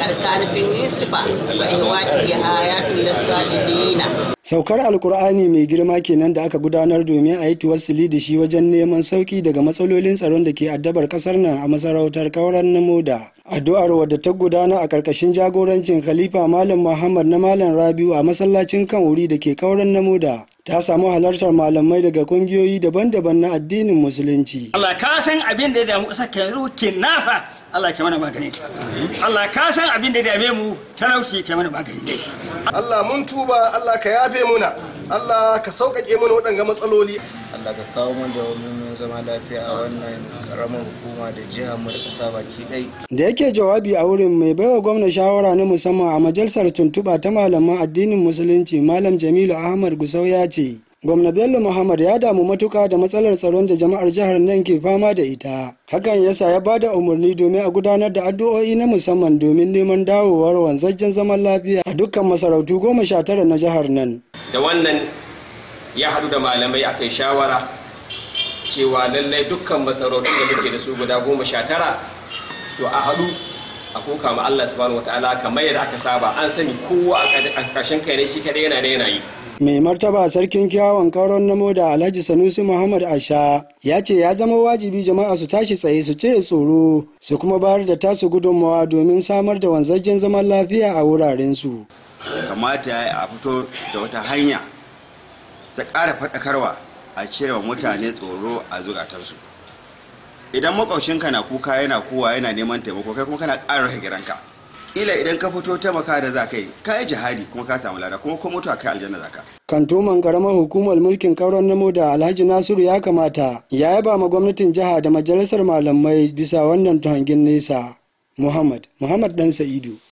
wa Saukar Alkur'ani mai girma kenan da aka gudanar domin a yi tuwassili da shi wajen neman sauki daga matsalolin tsaron da ke addabar kasar nan a masarautar kauran na moda. Addu'ar wadda ta gudana a karkashin jagorancin Khalifa Malam Muhammad na Malam Rabiu a masallacin kan wuri da ke kauran na ta samu halartar malamai daga kungiyoyi daban-daban na addinin musulunci. Allah ka san abin da ya damu yanzu ke nasa Allah ke mana maganin ta Allah ka san abin da dame mu talaushi ke mana maganin dai Allah mun tuba Allah ka yafe muna Allah ka sauƙaƙe mana waɗanga matsaloli Allah ka kawo mana da mun zama lafiya a wannan karamar hukuma da jiha mu da ƙasa baki dai. da yake jawabi a wurin mai baiwa gwamna shawara na musamman a majalisar tuntuba ta malaman addinin musulunci malam Jamilu Ahmad Gusau ya ce Gwamna Bello Muhammad ya damu matuka da matsalar tsaron da jama'ar jihar nan ke fama da ita. Hakan yasa ya bada umarni domin a gudanar da addu'o'i na musamman domin neman dawowar wanzajjen zaman lafiya a dukkan masarautu goma sha tara na jihar nan. Da wannan ya haɗu da malamai aka shawara cewa lallai dukkan masarautu da muke da su guda goma sha tara to a haɗu a koka ma Allah subhanahu wataala kamar yadda aka saba an sani kowa a ƙarshen kai ne shi kadai yana da yanayi. mai martaba sarkin kyawun karon namo da alhaji sanusi muhammad asha ya ce ya zama wajibi jama'a su tashi tsaye su cire tsoro su kuma bayar da tasu gudunmawa domin samar da wanzajjen zaman lafiya a wuraren su. kamata a fito da wata hanya ta ƙara faɗakarwa a cire wa mutane tsoro a zukatarsu idan makwashinka na kuka yana kowa yana neman taimako kai kuma kana ƙara rage giranka ila idan ka fito ta maka da za ka yi ka yi jihadi kuma ka samu lada kuma kuma mutuwa kai aljanna za ka. kantoman karamar hukumar mulkin kauran namo da alhaji nasiru ya kamata ya yaba ma gwamnatin jiha da majalisar malamai bisa wannan tuhangin nesa muhammad muhammad dan sa'idu